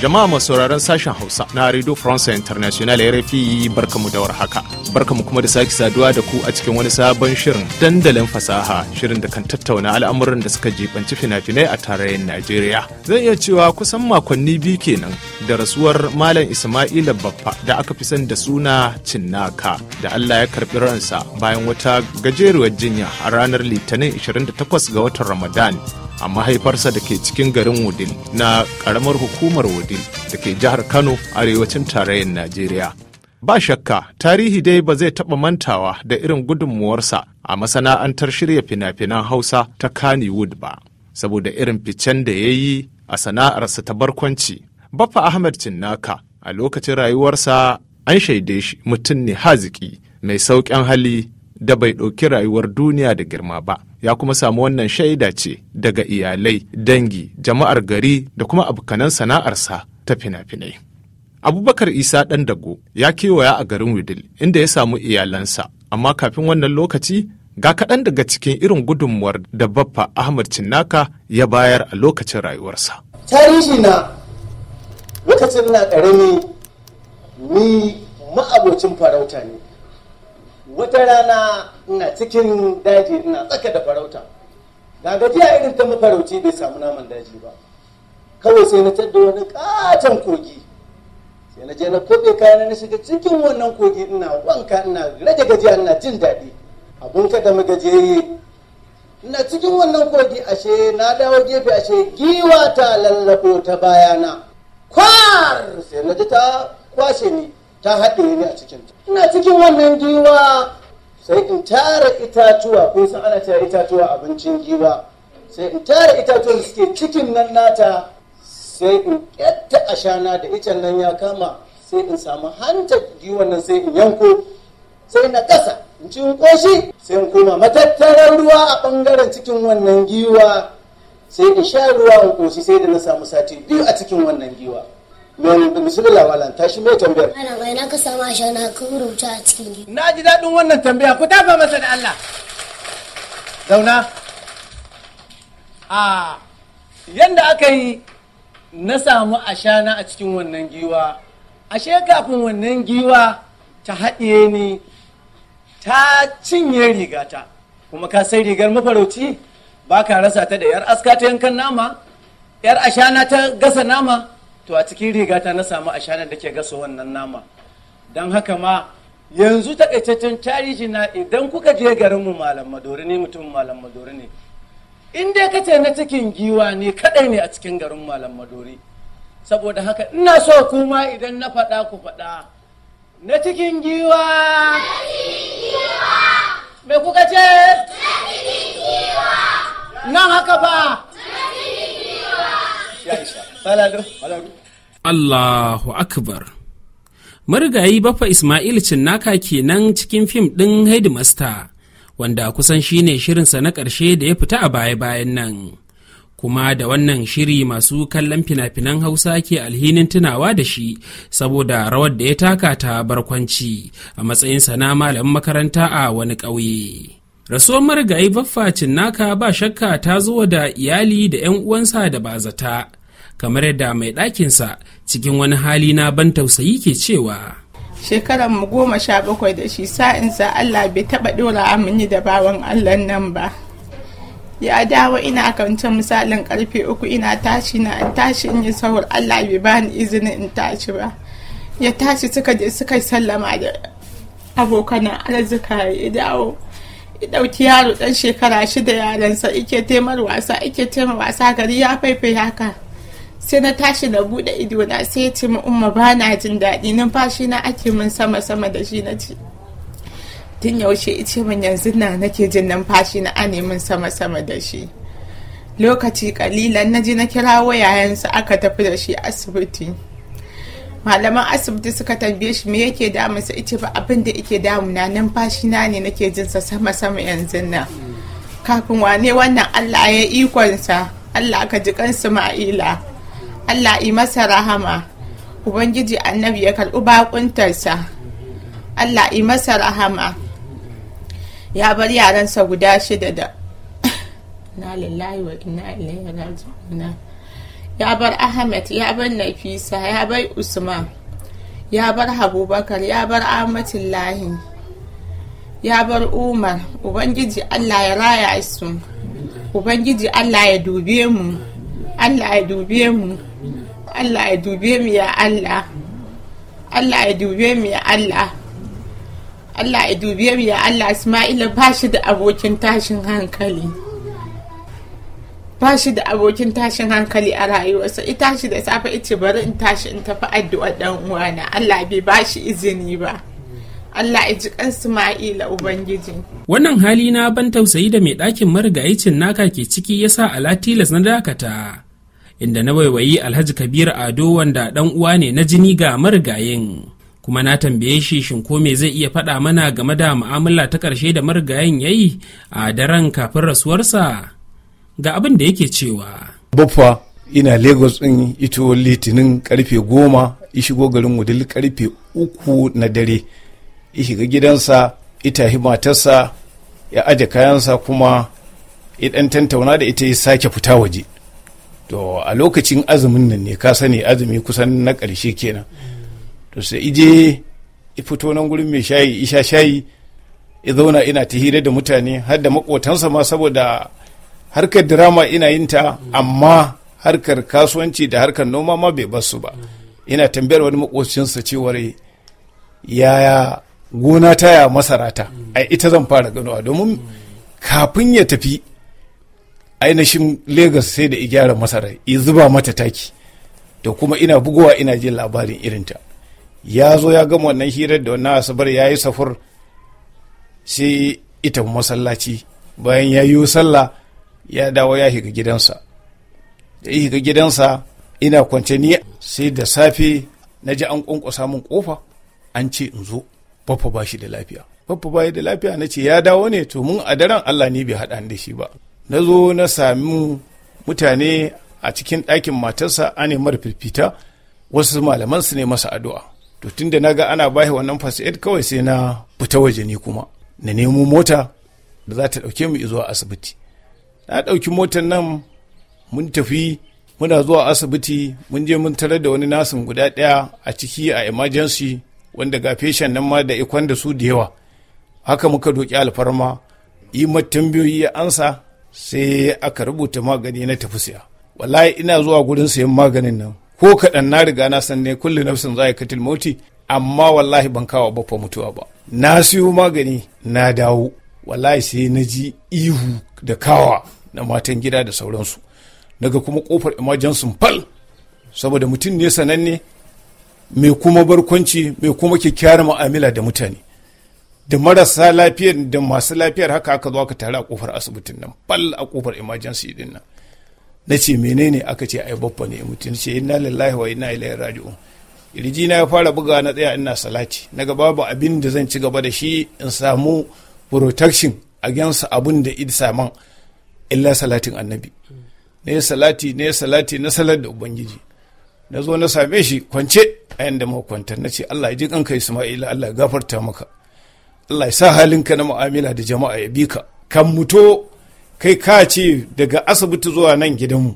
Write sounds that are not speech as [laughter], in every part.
Jama'a masu sauraron sashen Hausa na Radio France International RFI barkamu da warhaka. Barkamu kuma da sake saduwa da ku a cikin wani sabon shirin dandalin fasaha shirin da kan tattauna al'amuran da suka jibanci fina-finai a tarayyar Najeriya. Zan iya cewa kusan makonni biyu kenan da rasuwar Malam Ismaila Baffa da aka fi san da suna Cinnaka da Allah ya karbi ransa bayan wata gajeruwar jinya a ranar Litinin 28 ga watan Ramadan a mahaifarsa da ke cikin garin wudil na karamar hukumar wudil da ke jihar kano arewacin tarayyar najeriya ba shakka tarihi dai ba zai taɓa mantawa da irin gudunmuwarsa a masana'antar shirya fina-finan hausa ta kannywood ba saboda irin ficen da ya yi a sana'arsa ta barkwanci bafa ahmed cinnaka a lokacin rayuwarsa an shaide shi mutum ne haziki mai sauƙin hali da bai ɗauki rayuwar duniya da girma ba ya kuma samu wannan shaida ce daga iyalai dangi jama'ar gari da kuma abokanan sana'arsa ta fina-finai abubakar isa ɗan dago ya kewaya a garin widil inda ya samu iyalansa amma kafin wannan lokaci ga kaɗan daga cikin irin gudunmuwar da baffa ahmad cinnaka ya bayar a lokacin rayuwarsa tarihi na lokacin na ƙarami ni ma'abocin farauta ne wata rana na cikin daji ina tsaka da farauta ga gajiya irin ta mafarauci bai samu naman daji ba kawai sai na tadda wani katon kogi sai na je na kobe kayan na shiga cikin wannan kogi ina wanka ina rage gajiya ina jin daɗi abun ka da magajiyayi ina cikin wannan kogi ashe na dawo gefe ashe giwa ta lallabo ta bayana kwar sai na ji ta kwashe ni ta haɗe ni a cikinta ina cikin wannan giwa sai in tara itatuwa kun san ana tara itatuwa abincin giwa sai in tara itatuwa da suke cikin nan nata sai in ƙyatta ashana da icen nan ya kama sai in samu hanta giwan nan sai in yanko sai na ƙasa in ci in koshi sai in koma matattarar ruwa a ɓangaren cikin wannan giwa sai in sha ruwa in koshi sai da na samu sati biyu a cikin wannan giwa don bismillah malam tashi mai tambayar malam ai na ka samu ka rubuta a cikin gida na ji daɗin wannan tambaya ku tafa masa da Allah zauna a ah, yanda aka yi na samu ashana a cikin wannan giwa ashe kafin wannan giwa ta haɗiye ni ta cinye rigata kuma ka sai rigar mafarauci ba ka rasa ta da yar aska ta yankan nama yar ashana ta gasa nama to a cikin rigata na samu ashanar da ke gasa wannan nama don haka ma yanzu takaitaccen tarihi na idan kuka je garinmu malam madori ne mutum malam madori ne in dai ka ce na cikin giwa ne kadai ne a cikin garin malam madori saboda haka ina so kuma idan na faɗa ku faɗa na cikin giwa me kuka ce nan haka ba ya isa falalo falalo Allahu Akbar. Marigayi Bafa Ismail Cinnaka kenan cikin fim ɗin Headmaster, wanda kusan shi ne shirinsa na ƙarshe da ya fita a baya-bayan nan. Kuma da wannan shiri masu kallon fina-finan Hausa ke alhinin tunawa da shi saboda rawar da ya taka ta barkwanci a matsayinsa na malamin makaranta a wani ƙauye. rasuwar marigayi baffa cinnaka ba shakka ta zo da iyali da 'yan uwansa da bazata kamar yadda mai ɗakinsa cikin wani hali na ban tausayi ke cewa shekaran mu goma sha bakwai da shi sa allah bai taba ɗora amini da bawan allah nan ba ya dawo ina kanta misalin karfe uku ina tashi na in tashi in yi sahur allah bai bani izinin in tashi ba ya tashi suka je suka sallama da abokanan arzika ya dawo ya ɗauki yaro ɗan shekara shida yaransa ike taimar wasa ike taimar wasa gari ya faifai haka sai na tashi na bude ido na sai ya ce min umma ba na jin daɗi numfashi na ake min sama sama da shi na ce tun yaushe ce min yanzu na nake jin numfashi na ane min sama sama da shi lokaci kalilan na je na kira wayayensu aka tafi da shi asibiti malaman asibiti suka tambaye shi me yake damun sa ita ba abin da yake damuna numfashi na ne nake jinsa sama sama yanzu nan kafin wane wannan allah ya ikonsa allah ka ji kan ma'ila Allah yi masa rahama ubangiji annabi ya karɓi bakuntarsa Allah yi masa rahama ya bar yaransa guda shida da [coughs] na lillahi wa inna ilaihi raji'un ya bar ahmed ya bar nafisa ya bar usman ya bar habubakar ya bar amatullahi ya bar umar ubangiji allah ya raya su ubangiji allah ya dube mu allah ya dube mu Allah ya dube mu ya Allah Allah ya dube mu ya Allah Allah ya dube mu ya Allah Ismaila ba shi da abokin tashin hankali ba shi da abokin tashin hankali a rayuwarsa ita shi da safe ice bari in tashi in tafi addu'a dan uwana Allah bai ba shi izini ba Allah ya ji kan Isma'ila Ubangiji. Wannan hali na ban tausayi da mai ɗakin marigayicin naka ke ciki yasa sa ala tilas na dakata. inda na waiwayi alhaji kabir ado wanda dan uwa ne na jini ga marigayin kuma na tambaye shi shin ko me zai iya faɗa mana game da mu'amala ta ƙarshe da marigayin ya yi a daren kafin rasuwarsa ga abin da yake cewa buffa ina lagos ɗin ito litinin karfe goma ya shigo garin wudil karfe uku na dare ya shiga gidansa ita matarsa ya aje kayansa kuma idan ɗan tantauna da ita ya sake fita waje to a lokacin azumin nan ne ka sani azumi kusan na ƙarshe kenan to sai ije i fito nan gurin mai shayi isha shayi i zauna ina ta hira da mutane har da makotansa ma saboda harkar drama ina yin ta amma harkar kasuwanci da harkar noma ma bai basu ba ina tambayar wani makocinsa cewar yaya gona ta ya masara ta ai ita zan fara ganowa domin kafin ya tafi ainihin Legas sai da i gyara masarar i zuba mata taki da kuma ina bugowa ina jin labarin irinta ya zo ya gama wannan hirar da wannan asabar ya yi safar sai ita masallaci bayan ya yi sallah ya dawo ya higa gidansa da higa gidansa ina kwance ni sai da safe na ji an kwankwasa min kofa an ce in zo baffa ba shi da lafiya baffa ba da lafiya na ce ya dawo ne to mun a daren allah ne bai haɗa da shi ba na zo na sami mutane a cikin ɗakin matarsa a nemar firfita, wasu malaman su ne masa addu'a to tunda na ga ana bashi wannan first kawai sai na fita waje ni kuma na nemo mota da za ta ɗauke mu zuwa asibiti na ɗauki motar nan mun tafi muna zuwa asibiti mun je mun tarar da wani nasin guda ɗaya a ciki a emergency wanda ga feshen nan ma da ikon da su da yawa haka muka doki alfarma yi tambayoyi ya ansa sai aka rubuta magani na tafi siya wallahi ina zuwa gurin sayan maganin nan ko kaɗan na riga na san ne na nafsin za katil moti amma wallahi ban kawo bafa mutuwa ba na siyo magani na dawo wallahi sai na ji ihu da kawa na matan gida da sauransu daga kuma kofar emergency fal saboda mutum ne sananne mai kuma barkwanci mai kuma kyakkyawar mu'amala da mutane da marasa lafiyar da masu lafiyar haka aka zo aka tare a kofar asibitin nan bal a kofar emergency din nan na ce menene aka ce ai babba ne mutum ce inna lillahi wa inna ilaihi raji'un irji na ya fara buga na tsaya ina salati na gaba babu abin da zan ci gaba da shi in samu protection against abin da id saman illa salatin annabi ne salati ne salati na salar da ubangiji na zo na same shi kwance a yanda muka kwanta na ce Allah ya ji kanka Isma'ila Allah ya gafarta maka Allah ya sa halinka na mu'amala da jama'a ya bi ka kan muto kai ka ce daga asibiti zuwa nan gidanmu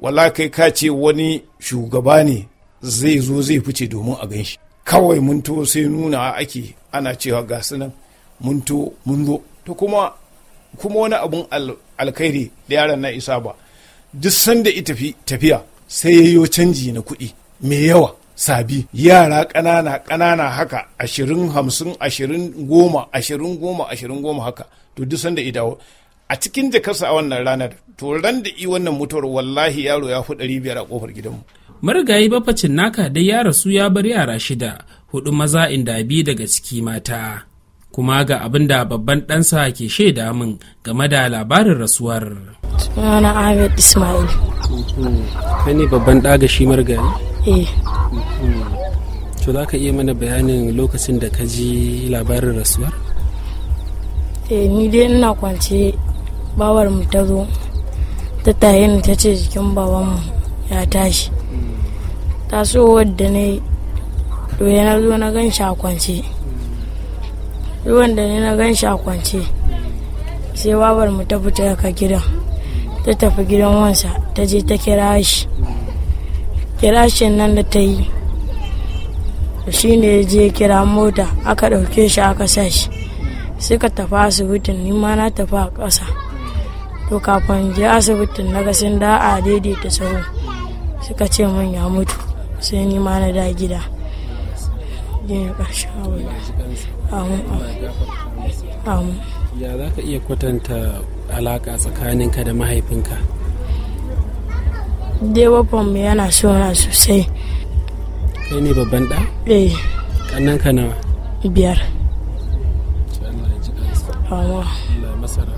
wala kai ka ce wani shugaba ne zai zo zai fice domin a ganshi kawai mun to sai nuna ake ana cewa ga su nan mun to mun zo to kuma kuma wani abun alkhairi da yaran na isa ba duk sanda ita tafiya sai yayyo canji na kuɗi mai yawa sabi yara ƙanana ƙanana haka ashirin hamsin ashirin goma ashirin goma ashirin goma haka to duk sanda idawo a cikin jakarsa a wannan ranar to ran da i wannan mutuwar wallahi yaro ya fi ɗari biyar a ƙofar gidanmu. marigayi bafacin naka dai ya rasu ya bar yara shida hudu maza inda bi daga ciki mata kuma ga abin da babban ɗansa ke shaida min game da labarin rasuwar. sunana ahmed ismail. kai babban ɗaga shi marigayi? eh to za ka iya mana bayanin lokacin da ka ji labarin rasuwar eh ni dai ina kwance bawar mu ta zo ta tahi ni ta ce jikin babanmu ya tashi ta so wadda ne to na zo na gan shi a kwance ruwan ne na gan shi a sai babar mu ta fita ka gidan ta tafi gidan wansa ta je ta kira shi kirashin nan da ta yi shi ne ya je kira mota aka ɗauke shi aka sa shi suka tafi asibitin ni ma na tafi a ƙasa to kafin je asibitin na ga sun da a daidaita sauro suka ce min ya mutu sai ni ma na da gida gina ya za ka iya kwatanta alaƙa tsakaninka da mahaifinka dewa mu yana sona sosai kai ne babban da? eh kannan ka nawa biyar Allah masara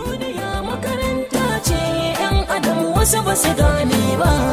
Duniya makaranta ce 'yan adam wasu ba su gane ba.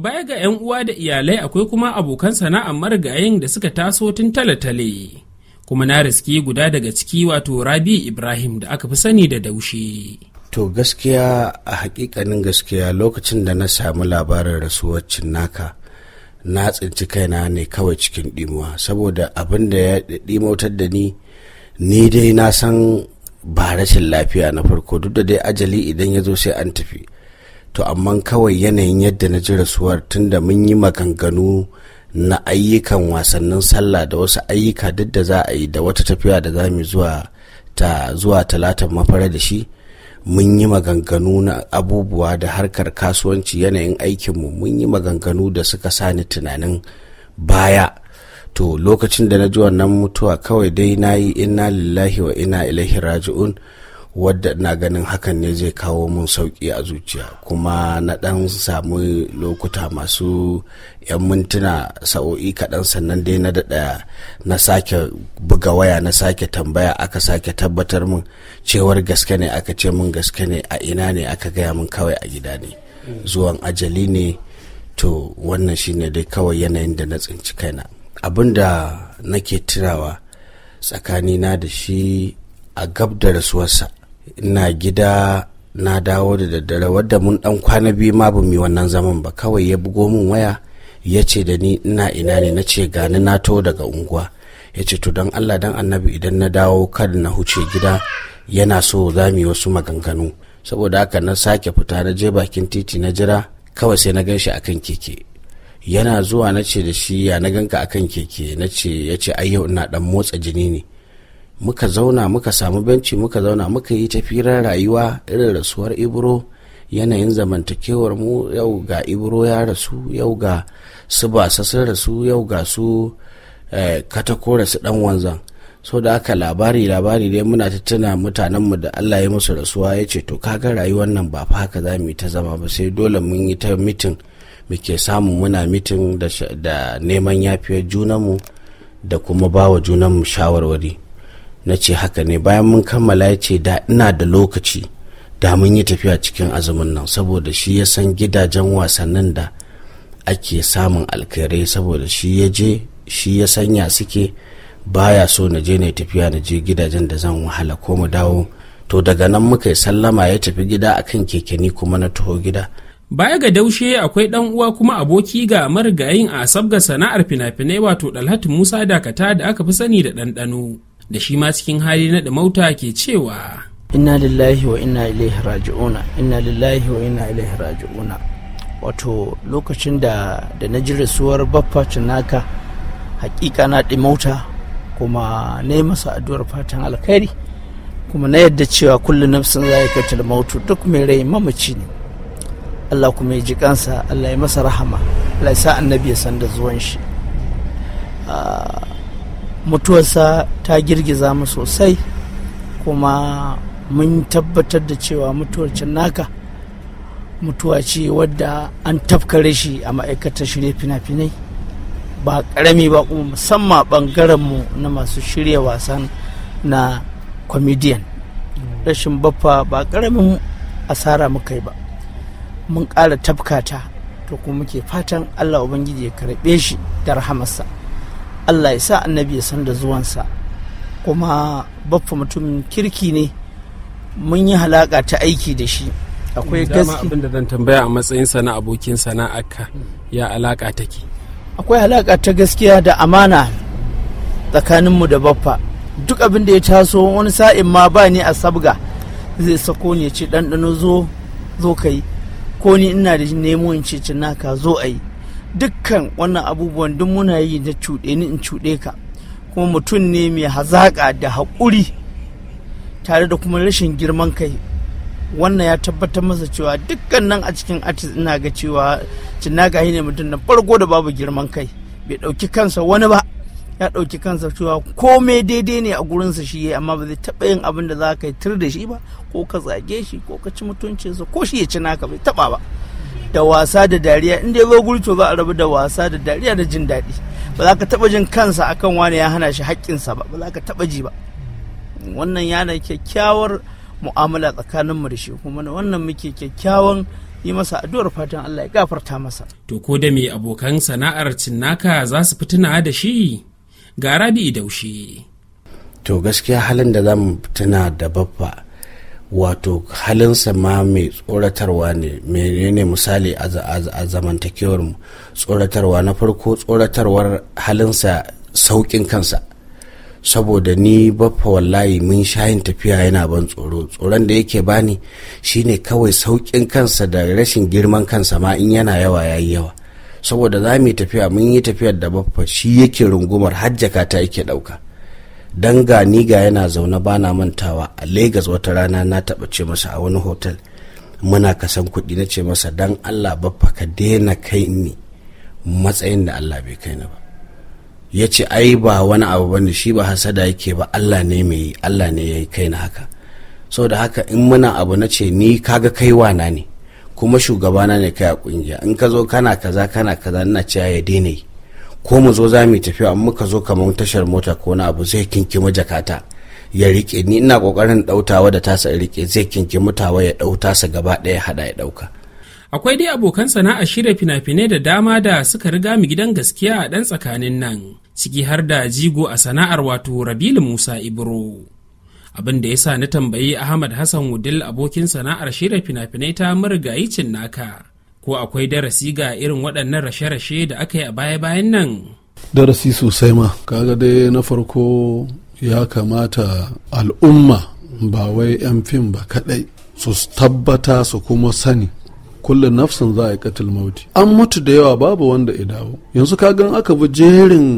baya ga 'yan uwa da iyalai akwai kuma abokan sana'ar marigayin da suka taso tun talatale Kuma na riski guda daga ciki wato Rabi Ibrahim da aka fi sani da daushe. To gaskiya a hakikanin gaskiya lokacin da na samu labarin rasuwar cinnaka na tsinci kaina ne kawai cikin ɗimuwa saboda abin da ya ɗimautar da ni ni dai na san ba rashin lafiya na farko duk da dai ajali idan ya zo sai an tafi. to amma kawai yanayin yadda na ji rasuwar tunda mun yi maganganu na ayyukan wasannin sallah da wasu ayyuka duk da za a yi da wata tafiya da za mu zuwa ta zuwa talatan mafara da shi mun yi maganganu na abubuwa da harkar kasuwanci yanayin aikinmu mun yi maganganu da suka sa ni tunanin baya to lokacin da na ji wannan mutuwa kawai dai na yi inna lillahi wa ina ilaihi raji'un wadda na ganin hakan ne zai kawo mun sauki a zuciya kuma na ɗan samu lokuta masu 'yan mintuna sa'o'i kaɗan sannan dai na daɗa na sake buga waya na sake tambaya aka sake tabbatar mun cewar gaske ne aka ce mun gaske ne a ina ne aka gaya mun kawai a gida ne zuwan ajali ne to wannan shine dai kawai yanayin da na tsinci kaina abin da nake tunawa tsakanina da shi a gab da rasuwarsa na gida na dawo da daddare wadda mun dan kwana biyu ma bu mi wannan zaman ba kawai ya bugo min waya ya ce da ni ina ina ne na ce gani na to daga unguwa ya ce to don allah dan annabi idan na dawo kada na huce gida yana so za mu yi wasu maganganu saboda haka na sake fita na je bakin titi na jira kawai sai na gan shi akan keke yana zuwa na ce da shi ya na ganka akan keke na ce ya ce ai yau ina dan motsa jini ne muka zauna muka samu benci muka zauna muka yi tafiran rayuwa irin rasuwar ibro yanayin zamantakewar mu yau ga ibro ya rasu yau ga su basa sun rasu yau ga su eh, katako rasu dan wanzan so da aka labari labari dai muna tattuna mutanenmu da allah ya musu rasuwa ya ce to kaga rayuwar nan ba fa haka za mu yi ta zama ba sai dole mun yi ta mitin muke samu muna mitin da neman yafiyar mu da kuma bawa mu shawarwari na ce haka ne bayan mun kammala ya ce da ina da lokaci da mun yi tafiya cikin azumin nan saboda shi ya san gidajen wasannin da ake samun alkhairai saboda shi ya je shi ya sanya suke baya so na je na tafiya na je gidajen da zan wahala ko mu dawo to daga nan muka yi sallama ya tafi gida akan keke ni kuma na taho gida baya ga daushe akwai dan uwa kuma aboki ga marigayin a sabga sana'ar fina-finai wato dalhatu musa dakata da aka fi sani da ɗanɗano da shi ma cikin hali na mauta ke cewa inna lillahi wa inna ilaihi raji'una inna lillahi wa inna ilaihi raji'una wato lokacin da da na ji rasuwar baffa naka hakika na ɗimauta kuma na yi masa addu'ar fatan alkhairi kuma na yadda cewa kullum nafsin za da mautu duk mai rai mamaci ne Allah kuma ya ji kansa Allah ya masa rahama Allah ya sa annabi ya san da zuwan shi ah, mutuwarsa ta girgiza mu sosai kuma mun tabbatar da cewa mutuwar naka mutuwa ce wadda an tafkare shi a ma'aikatar ne fina-finai ba karami ba kuma musamman bangaren mu na masu shirya wasan na comedian rashin baffa ba karamin asara muka yi ba mun ƙara tafkata to kuma muke fatan allah ubangiji ya karɓe shi da rahamarsa Allah ya sa annabi ya san da zuwansa kuma baffa mutumin kirki ne mun yi halaka ta aiki da shi akwai gaske abinda zan tambaya a matsayin sana abokin sana'arka ya alaka take akwai halaka ta gaskiya da amana tsakanin mu da baffa duk abin da ya taso wani sa'in ma ba ni a sabga zai sako ni ya ce ɗanɗano zo zo ka ko ni ina da nemo in ce naka zo a yi dukkan wannan abubuwan duk muna yi na cuɗe ni in cuɗe ka kuma mutum ne mai hazaƙa da haƙuri tare da kuma rashin girman kai wannan ya tabbatar masa cewa dukkan nan a cikin artist ina ga cewa cinnaga ne mutum na farko da babu girman kai bai ɗauki kansa wani ba ya ɗauki kansa cewa komai daidai ne a gurinsa shi yayi amma ba zai taɓa yin abin da za ka yi tur da shi ba ko ka zage shi ko ka ci mutuncinsa ko shi ya ci naka bai taɓa ba da wasa da dariya in dai zo gulco za a rabu da wasa da dariya da jin daɗi ba za ka taɓa jin kansa akan wani ya hana shi haƙƙinsa ba ba za ka taɓa ji ba wannan yana kyakkyawar mu'amala tsakanin da shi kuma wannan muke kyakkyawan yi masa addu'ar fatan Allah ya gafarta masa. To ko da me abokan sana'ar cinnaka za su fituna da shi ga rabi daushe. To gaskiya halin da za mu fitina da babba wato halinsa ma mai tsoratarwa ne menene misali a zamantakewar mu tsoratarwa na farko tsoratarwar halinsa sauƙin kansa saboda ni baffa wallahi mun shayin tafiya yana ban tsoro tsoron da yake bani shine kawai sauƙin kansa da rashin girman kansa ma in yana yawa yayi yawa saboda za mu yi tafiya mun yi tafiyar da baffa shi yake rungumar hajjaka ta yake ɗauka don ga ni ga yana zaune ba na mantawa a lagos wata rana na taba ce masa a wani hotel muna kasan kuɗi na ce masa don Allah baffa ka daina kai ni matsayin da Allah bai kai ni ba ya ce ai ba wani abu bane shi ba hasada yake ba Allah ne mai yi Allah ne ya yi kai na haka saboda haka in muna abu na ce ni kaga kai wana ne kuma shugabana ne kai a ƙungiya in ka zo kana kaza kana kaza ina cewa ya daina yi ko mu zo za mu tafiya amma muka zo kamar tashar mota ko na abu zai mu jakata ya rike ni ina kokarin dautawa da tasa ya rike zai kinki mutawa ya ɗauta sa gaba daya hada ya dauka akwai dai abokan sana'a shirya fina-finai da dama da suka riga mu gidan gaskiya a dan tsakanin nan ciki har da jigo a sana'ar wato rabilu musa ibro abin da ya sa na tambayi ahmad hassan wudil abokin sana'ar shirya fina-finai ta marigayi naka ko akwai darasi ga irin waɗannan rashe-rashe da aka yi a baya-bayan nan darasi sosai ma kaga dai na farko ya kamata al'umma ba wai 'yan fim ba kadai su tabbata su kuma sani kulle nafsin za a yi katil mauti an mutu da yawa babu wanda ya dawo yanzu kaga aka bi jerin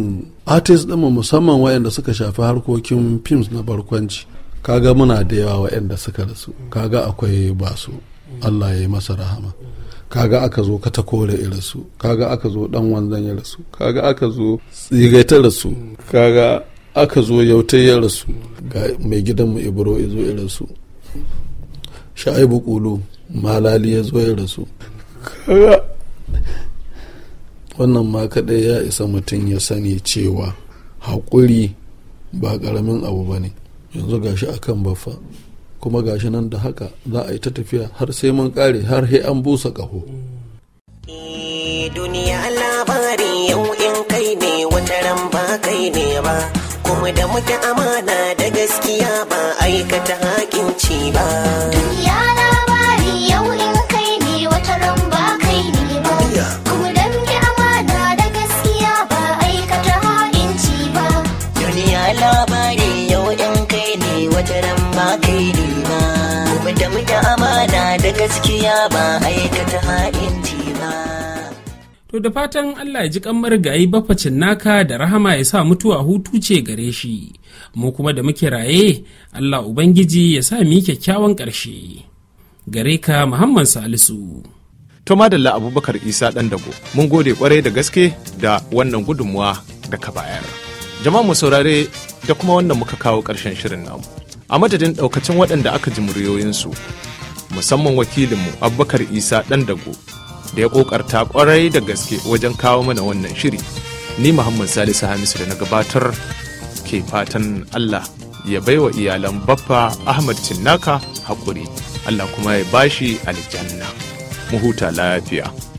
artist ɗin musamman wayanda suka shafi harkokin films na barkwanci kaga muna da yawa wayanda suka rasu kaga akwai basu allah ya yi masa rahama kaga aka zo katakore ya rasu kaga aka zo dan wanzan ya rasu kaga aka zo tsigai ta rasu kaga aka zo yautai ya rasu ga mai gidanmu ibro ya zo ya rasu sha'ibu kulu malali ya zo ya rasu kaga wannan ma kaɗai ya isa mutum ya sani cewa haƙuri ba ƙaramin abu ba ne yanzu gashi akan bafa kuma gashi nan da haka za a yi ta tafiya har sai mun kare har sai an busa ƙaho. duniya labari yau in kai ne wata ran ba kai ne ba kuma da muke amana da gaskiya ba aikata hakinci ba duniya labari yau in da amana da gaskiya ba aikata ha'inci ba. To da fatan Allah ya ji ga marigayi bafacin naka da rahama ya sa mutuwa hutu ce gare shi, mu kuma da muke raye Allah Ubangiji ya sa mu kyakkyawan ƙarshe. Gare ka Muhammad Salisu. To madalla Abubakar Isa ɗan dago, mun gode kwarai da gaske da wannan gudunmuwa da ka bayar. Jama'a mu saurare da kuma wannan muka kawo ƙarshen shirin namu. a madadin ɗaukacin waɗanda aka ji muryoyinsu musamman wakilinmu abubakar isa ɗan dago da ya ƙoƙarta ƙwarai da gaske wajen kawo mana wannan shiri ni muhammad salisu hamisu da na gabatar ke fatan allah ya baiwa iyalan baffa ahmad cinnaka haƙuri allah kuma ya bashi aljanna mu huta lafiya